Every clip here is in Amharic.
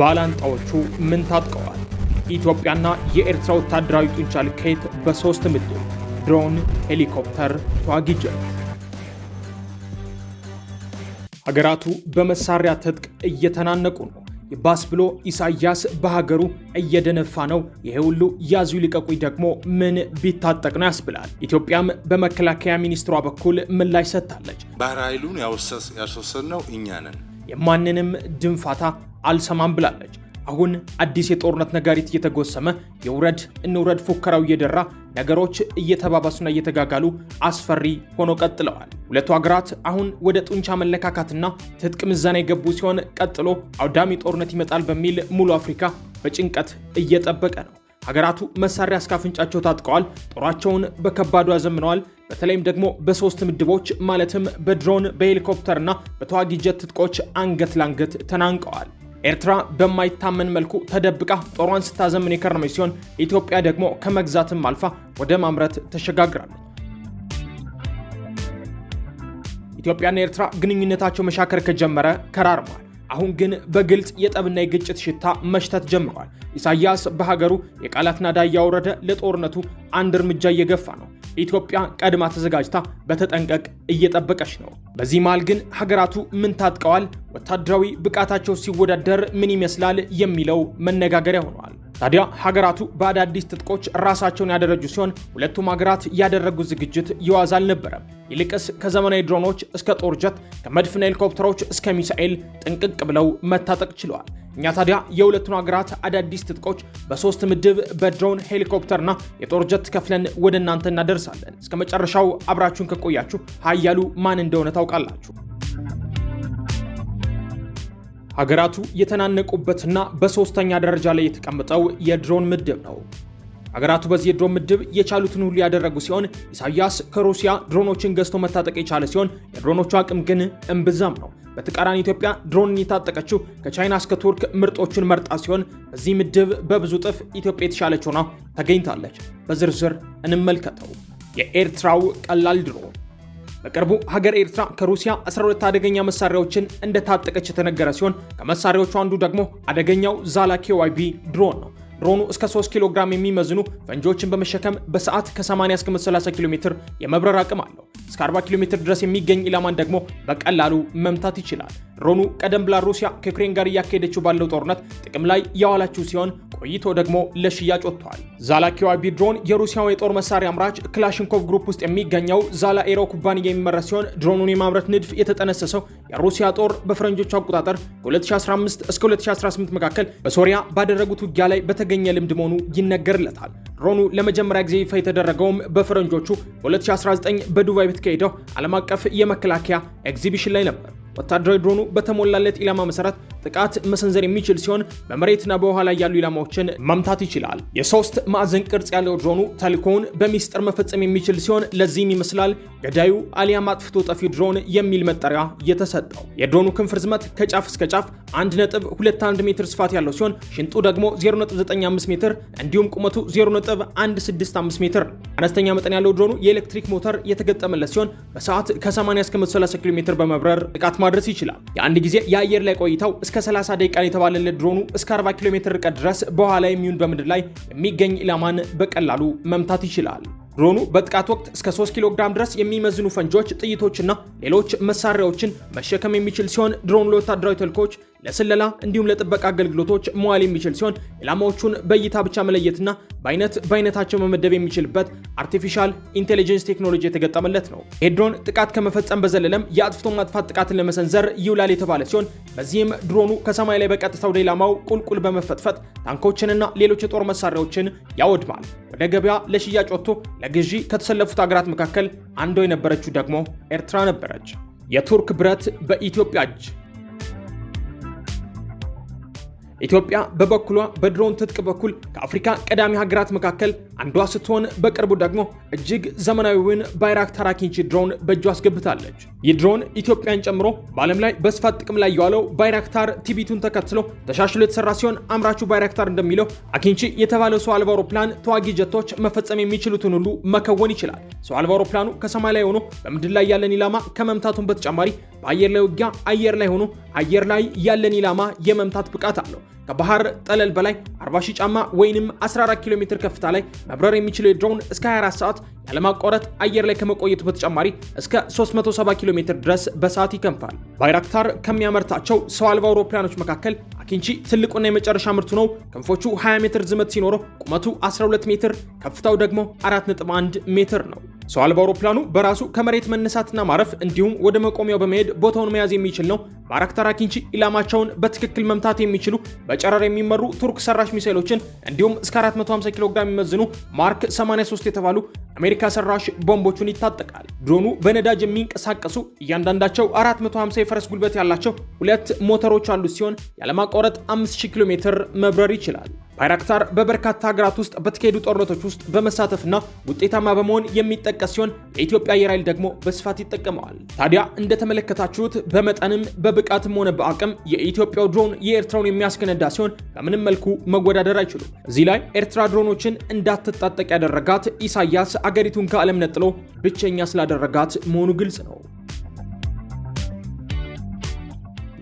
ባላንጣዎቹ ምን ታጥቀዋል? ኢትዮጵያና የኤርትራ ወታደራዊ ጡንቻ ልኬት በሶስት ምድብ ድሮን፣ ሄሊኮፕተር፣ ተዋጊ ጀት። ሀገራቱ በመሳሪያ ትጥቅ እየተናነቁ ነው። ይባስ ብሎ ኢሳያስ በሀገሩ እየደነፋ ነው። ይሄ ሁሉ ያዙ ልቀቁኝ ደግሞ ምን ቢታጠቅ ነው ያስብላል። ኢትዮጵያም በመከላከያ ሚኒስትሯ በኩል ምላሽ ሰጥታለች። ባህር ኃይሉን ያስወሰድነው እኛ ነን። የማንንም ድንፋታ አልሰማም ብላለች። አሁን አዲስ የጦርነት ነጋሪት እየተጎሰመ የውረድ እንውረድ ፉከራው እየደራ ነገሮች እየተባባሱና እየተጋጋሉ አስፈሪ ሆኖ ቀጥለዋል። ሁለቱ ሀገራት አሁን ወደ ጡንቻ መለካካትና ትጥቅ ምዛና የገቡ ሲሆን ቀጥሎ አውዳሚ ጦርነት ይመጣል በሚል ሙሉ አፍሪካ በጭንቀት እየጠበቀ ነው። ሀገራቱ መሳሪያ እስከ አፍንጫቸው ታጥቀዋል። ጦራቸውን በከባዱ አዘምነዋል። በተለይም ደግሞ በሶስት ምድቦች ማለትም በድሮን በሄሊኮፕተርና በተዋጊ ጀት ትጥቆች አንገት ላንገት ተናንቀዋል። ኤርትራ በማይታመን መልኩ ተደብቃ ጦሯን ስታዘምን የከረመች ሲሆን ኢትዮጵያ ደግሞ ከመግዛትም አልፋ ወደ ማምረት ተሸጋግራለች። ኢትዮጵያና ኤርትራ ግንኙነታቸው መሻከር ከጀመረ ከራርመዋል። አሁን ግን በግልጽ የጠብና የግጭት ሽታ መሽተት ጀምረዋል። ኢሳያስ በሀገሩ የቃላት ናዳ እያወረደ ለጦርነቱ አንድ እርምጃ እየገፋ ነው። ኢትዮጵያ ቀድማ ተዘጋጅታ በተጠንቀቅ እየጠበቀች ነው። በዚህ መሃል ግን ሀገራቱ ምን ታጥቀዋል፣ ወታደራዊ ብቃታቸው ሲወዳደር ምን ይመስላል የሚለው መነጋገሪያ ሆነዋል። ታዲያ ሀገራቱ በአዳዲስ ትጥቆች ራሳቸውን ያደረጁ ሲሆን ሁለቱም ሀገራት ያደረጉት ዝግጅት ይዋዝ አልነበረም። ይልቅስ ከዘመናዊ ድሮኖች እስከ ጦር ጀት፣ ከመድፍና ሄሊኮፕተሮች እስከ ሚሳኤል ጥንቅቅ ብለው መታጠቅ ችለዋል። እኛ ታዲያ የሁለቱን ሀገራት አዳዲስ ትጥቆች በሶስት ምድብ በድሮን ሄሊኮፕተርና የጦር ጀት ከፍለን ወደ እናንተ እናደርሳለን። እስከ መጨረሻው አብራችሁን ከቆያችሁ ሀያሉ ማን እንደሆነ ታውቃላችሁ። ሀገራቱ የተናነቁበትና በሶስተኛ ደረጃ ላይ የተቀመጠው የድሮን ምድብ ነው። አገራቱ በዚህ የድሮን ምድብ የቻሉትን ሁሉ ያደረጉ ሲሆን ኢሳያስ ከሩሲያ ድሮኖችን ገዝቶ መታጠቅ የቻለ ሲሆን የድሮኖቹ አቅም ግን እምብዛም ነው። በተቃራኒ ኢትዮጵያ ድሮንን የታጠቀችው ከቻይና እስከ ቱርክ ምርጦቹን መርጣ ሲሆን በዚህ ምድብ በብዙ ጥፍ ኢትዮጵያ የተሻለች ሆና ተገኝታለች። በዝርዝር እንመልከተው። የኤርትራው ቀላል ድሮን በቅርቡ ሀገር ኤርትራ ከሩሲያ 12 አደገኛ መሳሪያዎችን እንደታጠቀች የተነገረ ሲሆን ከመሳሪያዎቹ አንዱ ደግሞ አደገኛው ዛላ ኬዋይቢ ድሮን ነው። ድሮኑ እስከ 3 ኪሎ ግራም የሚመዝኑ ፈንጂዎችን በመሸከም በሰዓት ከ80 እስከ 30 ኪሎ ሜትር የመብረር አቅም አለው። እስከ 40 ኪሎ ሜትር ድረስ የሚገኝ ኢላማን ደግሞ በቀላሉ መምታት ይችላል። ድሮኑ ቀደም ብላ ሩሲያ ከዩክሬን ጋር እያካሄደችው ባለው ጦርነት ጥቅም ላይ ያዋላችው ሲሆን ቆይቶ ደግሞ ለሽያጭ ወጥቷል። ኪዋቢ ድሮን የሩሲያው የጦር መሳሪያ አምራች ክላሽንኮቭ ግሩፕ ውስጥ የሚገኘው ዛላ ኤሮ ኩባንያ የሚመረት ሲሆን ድሮኑን የማምረት ንድፍ የተጠነሰሰው የሩሲያ ጦር በፈረንጆቹ አቆጣጠር ከ2015 እስከ 2018 መካከል በሶሪያ ባደረጉት ውጊያ ላይ በተገኘ ልምድ መሆኑ ይነገርለታል። ድሮኑ ለመጀመሪያ ጊዜ ይፋ የተደረገውም በፈረንጆቹ በ2019 በዱባይ በተካሄደው ዓለም አቀፍ የመከላከያ ኤግዚቢሽን ላይ ነበር። ወታደራዊ ድሮኑ በተሞላለት ኢላማ መሰረት ጥቃት መሰንዘር የሚችል ሲሆን በመሬትና በውሃ ላይ ያሉ ኢላማዎችን መምታት ይችላል። የሶስት ማዕዘን ቅርጽ ያለው ድሮኑ ተልኮውን በሚስጥር መፈጸም የሚችል ሲሆን ለዚህም ይመስላል ገዳዩ አሊያም አጥፍቶ ጠፊ ድሮን የሚል መጠሪያ የተሰጠው። የድሮኑ ክንፍ ርዝመት ከጫፍ እስከ ጫፍ 1.21 ሜትር ስፋት ያለው ሲሆን ሽንጡ ደግሞ 0.95 ሜትር እንዲሁም ቁመቱ 0.165 ሜትር አነስተኛ መጠን ያለው ድሮኑ የኤሌክትሪክ ሞተር የተገጠመለት ሲሆን በሰዓት ከ80 እስከ 130 ኪሎ ሜትር በመብረር ጥቃት ማድረስ ይችላል። የአንድ ጊዜ የአየር ላይ ቆይታው እስከ 30 ደቂቃ የተባለለት ድሮኑ እስከ 40 ኪሎ ሜትር ርቀት ድረስ በኋላ የሚሆን በምድር ላይ የሚገኝ ኢላማን በቀላሉ መምታት ይችላል። ድሮኑ በጥቃት ወቅት እስከ 3 ኪሎ ግራም ድረስ የሚመዝኑ ፈንጂዎች፣ ጥይቶችና ሌሎች መሳሪያዎችን መሸከም የሚችል ሲሆን ድሮኑ ለወታደራዊ ተልኮች ለስለላ እንዲሁም ለጥበቃ አገልግሎቶች መዋል የሚችል ሲሆን ኢላማዎቹን በእይታ ብቻ መለየትና በአይነት በአይነታቸው መመደብ የሚችልበት አርቲፊሻል ኢንቴሊጀንስ ቴክኖሎጂ የተገጠመለት ነው። ይህ ድሮን ጥቃት ከመፈጸም በዘለለም የአጥፍቶ ማጥፋት ጥቃትን ለመሰንዘር ይውላል የተባለ ሲሆን በዚህም ድሮኑ ከሰማይ ላይ በቀጥታ ወደ ኢላማው ቁልቁል በመፈጥፈጥ ታንኮችንና ሌሎች የጦር መሳሪያዎችን ያወድማል። ወደ ገበያ ለሽያጭ ወጥቶ ለግዢ ከተሰለፉት ሀገራት መካከል አንዷ የነበረችው ደግሞ ኤርትራ ነበረች። የቱርክ ብረት በኢትዮጵያ እጅ ኢትዮጵያ በበኩሏ በድሮን ትጥቅ በኩል ከአፍሪካ ቀዳሚ ሀገራት መካከል አንዷ ስትሆን በቅርቡ ደግሞ እጅግ ዘመናዊውን ባይራክታር አኪንቺ ድሮን በእጇ አስገብታለች። ይህ ድሮን ኢትዮጵያን ጨምሮ በዓለም ላይ በስፋት ጥቅም ላይ የዋለው ባይራክታር ቲቢቱን ተከትሎ ተሻሽሎ የተሰራ ሲሆን አምራቹ ባይራክታር እንደሚለው አኪንቺ የተባለው ሰው አልባ አውሮፕላን ተዋጊ ጀቶች መፈጸም የሚችሉትን ሁሉ መከወን ይችላል። ሰው አልባ አውሮፕላኑ ከሰማይ ላይ ሆኖ በምድር ላይ ያለን ኢላማ ከመምታቱን በተጨማሪ በአየር ላይ ውጊያ አየር ላይ ሆኖ አየር ላይ ያለን ኢላማ የመምታት ብቃት አለው። ከባህር ጠለል በላይ 40 ሺህ ጫማ ወይንም 14 ኪሎ ሜትር ከፍታ ላይ መብረር የሚችለው የድሮውን እስከ 24 ሰዓት ያለማቋረጥ አየር ላይ ከመቆየቱ በተጨማሪ እስከ 370 ኪሎ ሜትር ድረስ በሰዓት ይከንፋል። ባይራክታር ከሚያመርታቸው ሰው አልባ አውሮፕላኖች መካከል አኪንቺ ትልቁና የመጨረሻ ምርቱ ነው። ክንፎቹ 20 ሜትር ዝመት ሲኖረው ቁመቱ 12 ሜትር፣ ከፍታው ደግሞ 4.1 ሜትር ነው። ሰው አልባ አውሮፕላኑ በራሱ ከመሬት መነሳትና ማረፍ እንዲሁም ወደ መቆሚያው በመሄድ ቦታውን መያዝ የሚችል ነው። በአራክ ተራኪንቺ ኢላማቸውን በትክክል መምታት የሚችሉ በጨረር የሚመሩ ቱርክ ሰራሽ ሚሳይሎችን እንዲሁም እስከ 450 ኪሎ ግራም የሚመዝኑ ማርክ 83 የተባሉ አሜሪካ ሰራሽ ቦምቦቹን ይታጠቃል። ድሮኑ በነዳጅ የሚንቀሳቀሱ እያንዳንዳቸው 450 የፈረስ ጉልበት ያላቸው ሁለት ሞተሮች አሉት ሲሆን ያለማቋረጥ 5000 ኪሎ ሜትር መብረር ይችላል። ባይራክታር በበርካታ ሀገራት ውስጥ በተካሄዱ ጦርነቶች ውስጥ በመሳተፍና ውጤታማ በመሆን የሚጠቀስ ሲሆን የኢትዮጵያ አየር ኃይል ደግሞ በስፋት ይጠቀመዋል። ታዲያ እንደተመለከታችሁት በመጠንም በብቃትም ሆነ በአቅም የኢትዮጵያው ድሮን የኤርትራውን የሚያስገነዳ ሲሆን በምንም መልኩ መወዳደር አይችሉም። እዚህ ላይ ኤርትራ ድሮኖችን እንዳትጣጠቅ ያደረጋት ኢሳያስ አገሪቱን ከዓለም ነጥሎ ብቸኛ ስላደረጋት መሆኑ ግልጽ ነው።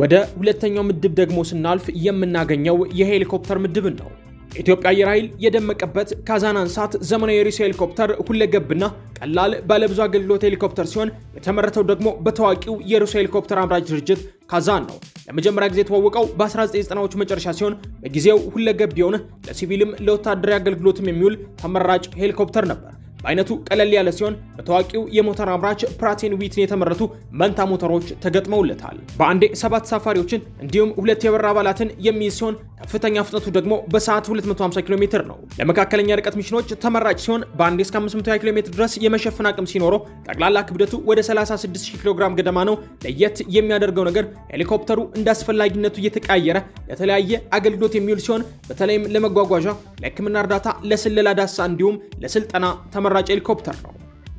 ወደ ሁለተኛው ምድብ ደግሞ ስናልፍ የምናገኘው የሄሊኮፕተር ምድብን ነው። የኢትዮጵያ አየር ኃይል የደመቀበት ካዛናንሳት ዘመናዊ የሩሲያ ሄሊኮፕተር ሁለገብና ቀላል ባለብዙ አገልግሎት ሄሊኮፕተር ሲሆን የተመረተው ደግሞ በታዋቂው የሩሲያ ሄሊኮፕተር አምራች ድርጅት ካዛን ነው። ለመጀመሪያ ጊዜ የተዋወቀው በ1990ዎቹ መጨረሻ ሲሆን በጊዜው ሁለገብ የሆነ ለሲቪልም ለወታደራዊ አገልግሎትም የሚውል ተመራጭ ሄሊኮፕተር ነበር። በአይነቱ ቀለል ያለ ሲሆን በታዋቂው የሞተር አምራች ፕራቴን ዊትን የተመረቱ መንታ ሞተሮች ተገጥመውለታል። በአንዴ ሰባት ተሳፋሪዎችን እንዲሁም ሁለት የበር አባላትን የሚይዝ ሲሆን ከፍተኛ ፍጥነቱ ደግሞ በሰዓት 250 ኪሎ ሜትር ነው። ለመካከለኛ ርቀት ሚሽኖች ተመራጭ ሲሆን በአንዴ እስከ 520 ኪሎ ሜትር ድረስ የመሸፈን አቅም ሲኖረው ጠቅላላ ክብደቱ ወደ 36000 ኪሎ ግራም ገደማ ነው። ለየት የሚያደርገው ነገር ሄሊኮፕተሩ እንደ አስፈላጊነቱ እየተቀያየረ ለተለያየ አገልግሎት የሚውል ሲሆን በተለይም ለመጓጓዣ፣ ለሕክምና እርዳታ፣ ለስለላ ዳሳ እንዲሁም ለስልጠና ተመ ተመራጭ ሄሊኮፕተር ነው።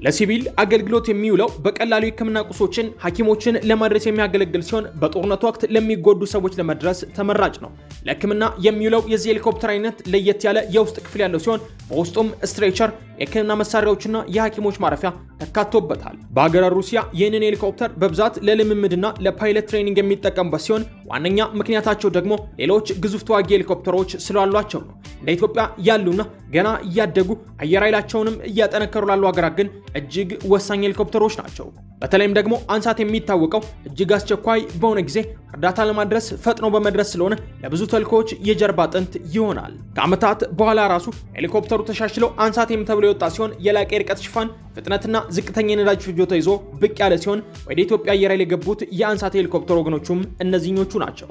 ለሲቪል አገልግሎት የሚውለው በቀላሉ የህክምና ቁሶችን ሐኪሞችን ለማድረስ የሚያገለግል ሲሆን በጦርነቱ ወቅት ለሚጎዱ ሰዎች ለመድረስ ተመራጭ ነው። ለህክምና የሚውለው የዚህ ሄሊኮፕተር አይነት ለየት ያለ የውስጥ ክፍል ያለው ሲሆን በውስጡም ስትሬቸር፣ የህክምና መሳሪያዎችና የሐኪሞች ማረፊያ ተካቶበታል። በሀገረ ሩሲያ ይህንን ሄሊኮፕተር በብዛት ለልምምድና ለፓይለት ትሬኒንግ የሚጠቀሙበት ሲሆን ዋነኛ ምክንያታቸው ደግሞ ሌሎች ግዙፍ ተዋጊ ሄሊኮፕተሮች ስላሏቸው ነው። እንደ ኢትዮጵያ ያሉና ገና እያደጉ አየር ኃይላቸውንም እያጠነከሩ ላሉ ሀገራት ግን እጅግ ወሳኝ ሄሊኮፕተሮች ናቸው። በተለይም ደግሞ አንሳት የሚታወቀው እጅግ አስቸኳይ በሆነ ጊዜ እርዳታ ለማድረስ ፈጥኖ በመድረስ ስለሆነ ለብዙ ተልኮዎች የጀርባ አጥንት ይሆናል። ከዓመታት በኋላ ራሱ ሄሊኮፕተሩ ተሻሽሎ አንሳቴም ተብሎ የወጣ ሲሆን የላቀ የርቀት ሽፋን ፍጥነትና ዝቅተኛ የነዳጅ ፍጆታ ይዞ ብቅ ያለ ሲሆን ወደ ኢትዮጵያ አየር ኃይል የገቡት የአንሳት ሄሊኮፕተር ወገኖቹም እነዚህኞቹ ናቸው።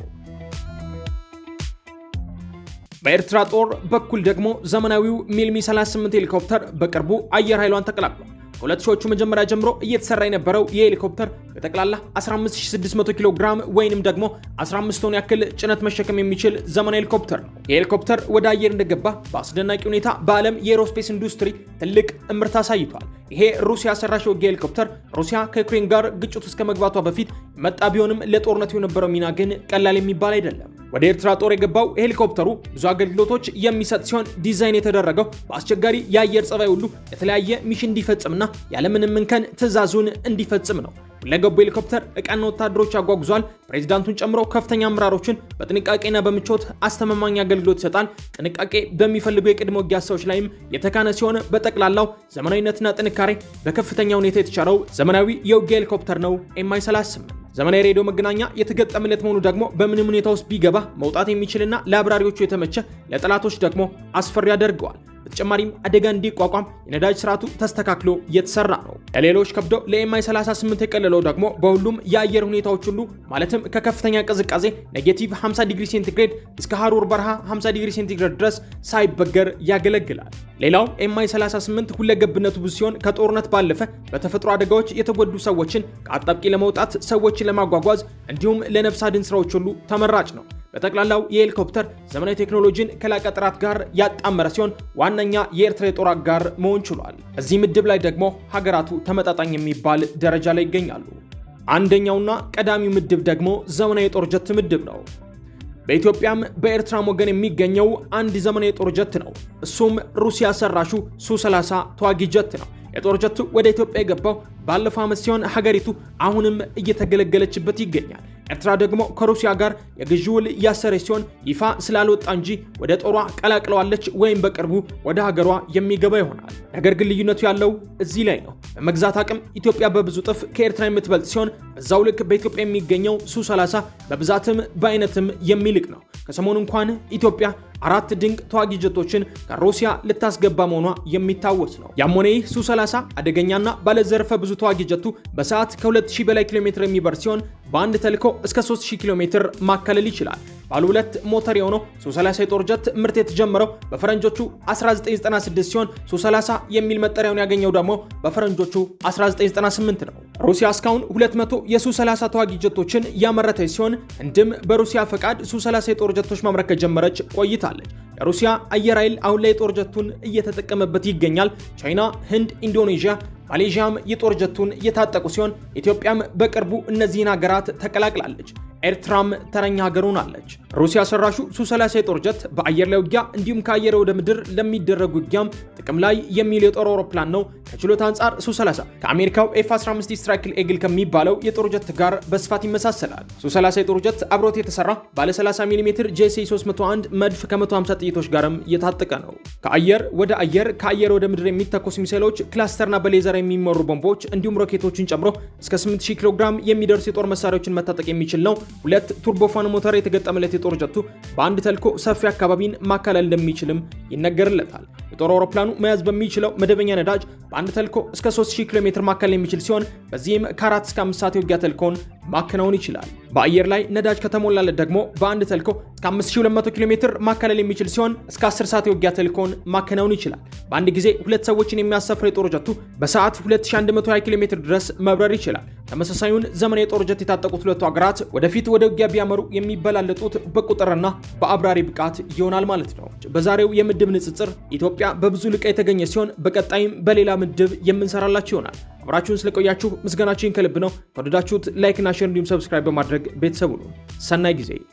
በኤርትራ ጦር በኩል ደግሞ ዘመናዊው ሚልሚ 38 ሄሊኮፕተር በቅርቡ አየር ኃይሏን ተቀላቅሏል። ከሁለት ሺዎቹ መጀመሪያ ጀምሮ እየተሰራ የነበረው የሄሊኮፕተር በጠቅላላ 15600 ኪሎ ግራም ወይንም ደግሞ 15 ቶን ያክል ጭነት መሸከም የሚችል ዘመናዊ ሄሊኮፕተር ነው። የሄሊኮፕተር ወደ አየር እንደገባ በአስደናቂ ሁኔታ በዓለም የኤሮስፔስ ኢንዱስትሪ ትልቅ እምርት አሳይቷል። ይሄ ሩሲያ ሰራሽ ውጊያ ሄሊኮፕተር ሩሲያ ከዩክሬን ጋር ግጭት ውስጥ ከመግባቷ በፊት መጣ ቢሆንም ለጦርነቱ የነበረው ሚና ግን ቀላል የሚባል አይደለም። ወደ ኤርትራ ጦር የገባው ሄሊኮፕተሩ ብዙ አገልግሎቶች የሚሰጥ ሲሆን ዲዛይን የተደረገው በአስቸጋሪ የአየር ጸባይ ሁሉ የተለያየ ሚሽን እንዲፈጽምና ያለምንም እንከን ትዕዛዙን እንዲፈጽም ነው። ሁለገቡ ሄሊኮፕተር እቃና ወታደሮች አጓጉዟል። ፕሬዚዳንቱን ጨምሮ ከፍተኛ አመራሮችን በጥንቃቄና በምቾት አስተማማኝ አገልግሎት ይሰጣል። ጥንቃቄ በሚፈልጉ የቅድመ ውጊያ ሰዎች ላይም የተካነ ሲሆን በጠቅላላው ዘመናዊነትና ጥንካሬ በከፍተኛ ሁኔታ የተቻለው ዘመናዊ የውጊያ ሄሊኮፕተር ነው ኤምአይ 38። ዘመናዊ ሬዲዮ መገናኛ የተገጠመለት መሆኑ ደግሞ በምንም ሁኔታ ውስጥ ቢገባ መውጣት የሚችልና ለአብራሪዎቹ የተመቸ ለጠላቶች ደግሞ አስፈሪ ያደርገዋል። በተጨማሪም አደጋ እንዲቋቋም የነዳጅ ስርዓቱ ተስተካክሎ እየተሰራ ነው። ለሌሎች ከብዶ ለኤምአይ 38 የቀለለው ደግሞ በሁሉም የአየር ሁኔታዎች ሁሉ ማለትም ከከፍተኛ ቅዝቃዜ ኔጌቲቭ 50 ዲግሪ ሴንቲግሬድ እስከ ሀሩር በረሃ 50 ዲግሪ ሴንቲግሬድ ድረስ ሳይበገር ያገለግላል። ሌላው ኤምአይ 38 ሁለገብነቱ ብዙ ሲሆን ከጦርነት ባለፈ በተፈጥሮ አደጋዎች የተጎዱ ሰዎችን ከአጣብቂ ለመውጣት ሰዎችን ለማጓጓዝ እንዲሁም ለነፍስ አድን ስራዎች ሁሉ ተመራጭ ነው። በጠቅላላው የሄሊኮፕተር ዘመናዊ ቴክኖሎጂን ከላቀ ጥራት ጋር ያጣመረ ሲሆን ዋነኛ የኤርትራ የጦር አጋር መሆን ችሏል። እዚህ ምድብ ላይ ደግሞ ሀገራቱ ተመጣጣኝ የሚባል ደረጃ ላይ ይገኛሉ። አንደኛውና ቀዳሚው ምድብ ደግሞ ዘመናዊ የጦር ጀት ምድብ ነው። በኢትዮጵያም በኤርትራም ወገን የሚገኘው አንድ ዘመናዊ የጦር ጀት ነው። እሱም ሩሲያ ሰራሹ ሱ30 ተዋጊ ጀት ነው። የጦር ጀቱ ወደ ኢትዮጵያ የገባው ባለፈው ዓመት ሲሆን ሀገሪቱ አሁንም እየተገለገለችበት ይገኛል። ኤርትራ ደግሞ ከሩሲያ ጋር የግዢ ውል እያሰረች ሲሆን ይፋ ስላልወጣ እንጂ ወደ ጦሯ ቀላቅለዋለች ወይም በቅርቡ ወደ ሀገሯ የሚገባ ይሆናል። ነገር ግን ልዩነቱ ያለው እዚህ ላይ ነው። በመግዛት አቅም ኢትዮጵያ በብዙ ጥፍ ከኤርትራ የምትበልጥ ሲሆን በዛው ልክ በኢትዮጵያ የሚገኘው ሱ 30 በብዛትም በአይነትም የሚልቅ ነው። ከሰሞኑ እንኳን ኢትዮጵያ አራት ድንቅ ተዋጊ ጀቶችን ከሩሲያ ልታስገባ መሆኗ የሚታወስ ነው። ያም ሆነ ይህ ሱ30 አደገኛና ባለዘርፈ ብዙ ተዋጊ ጀቱ በሰዓት ከ2000 በላይ ኪሎ ሜትር የሚበር ሲሆን በአንድ ተልኮ እስከ 3000 ኪሎ ሜትር ማካለል ይችላል። ባለ ሁለት ሞተር የሆነው 330 የጦር ጀት ምርት የተጀመረው በፈረንጆቹ 1996 ሲሆን 30 የሚል መጠሪያውን ያገኘው ደግሞ በፈረንጆቹ 1998 ነው። ሩሲያ እስካሁን 200 የሱ30 ተዋጊ ጀቶችን ያመረተች ሲሆን እንድም በሩሲያ ፈቃድ ሱ30 የጦር ጀቶች ማምረት ከጀመረች ቆይታለች። የሩሲያ አየር ኃይል አሁን ላይ የጦር ጀቱን እየተጠቀመበት ይገኛል። ቻይና፣ ህንድ፣ ኢንዶኔዥያ ማሌዥያም የጦር ጀቱን የታጠቁ ሲሆን ኢትዮጵያም በቅርቡ እነዚህን ሀገራት ተቀላቅላለች። ኤርትራም ተረኛ ሀገር ሆናለች። ሩሲያ ሰራሹ ሱ30 የጦር ጀት በአየር ላይ ውጊያ እንዲሁም ከአየር ወደ ምድር ለሚደረግ ውጊያም ጥቅም ላይ የሚል የጦር አውሮፕላን ነው። ከችሎታ አንጻር ሱ30 ከአሜሪካው ኤፍ 15 ስትራይክል ኤግል ከሚባለው የጦር ጀት ጋር በስፋት ይመሳሰላል። ሱ30 የጦር ጀት አብሮት የተሰራ ባለ 30 ሚሜ ጄሲ 301 መድፍ ከ150 ጥይቶች ጋርም የታጠቀ ነው። ከአየር ወደ አየር ከአየር ወደ ምድር የሚተኮስ ሚሳይሎች ክላስተርና በሌዘር የሚመሩ ቦምቦች እንዲሁም ሮኬቶችን ጨምሮ እስከ 8000 ኪሎ ግራም የሚደርሱ የጦር መሳሪያዎችን መታጠቅ የሚችል ነው። ሁለት ቱርቦፋን ሞተር የተገጠመለት የጦር ጀቱ በአንድ ተልኮ ሰፊ አካባቢን ማካለል እንደሚችልም ይነገርለታል። የጦር አውሮፕላኑ መያዝ በሚችለው መደበኛ ነዳጅ በአንድ ተልኮ እስከ 3000 ኪሎ ሜትር ማካለል የሚችል ሲሆን በዚህም ከ4 እስከ 5 ሰዓት የውጊያ ተልኮውን ማከናወን ይችላል። በአየር ላይ ነዳጅ ከተሞላለት ደግሞ በአንድ ተልኮ እስከ 5200 ኪሎ ሜትር ማካለል የሚችል ሲሆን እስከ 10 ሰዓት የውጊያ ተልኮውን ማከናወን ይችላል። በአንድ ጊዜ ሁለት ሰዎችን የሚያሳፍር የጦር ጀቱ በሰዓት 2120 ኪሎ ሜትር ድረስ መብረር ይችላል። ተመሳሳዩን ዘመናዊ የጦር ጀት የታጠቁት ሁለቱ ሀገራት ወደፊት ወደ ውጊያ ቢያመሩ የሚበላለጡት በቁጥርና በአብራሪ ብቃት ይሆናል ማለት ነው። በዛሬው የምድብ ንጽጽር ኢትዮጵያ በብዙ ልቃ የተገኘ ሲሆን በቀጣይም በሌላ ምድብ የምንሰራላቸው ይሆናል። አብራችሁን ስለቆያችሁ ምስጋናችን ከልብ ነው። ከወደዳችሁት ላይክና ሼር እንዲሁም ሰብስክራይብ በማድረግ ቤተሰቡ ነው። ሰናይ ጊዜ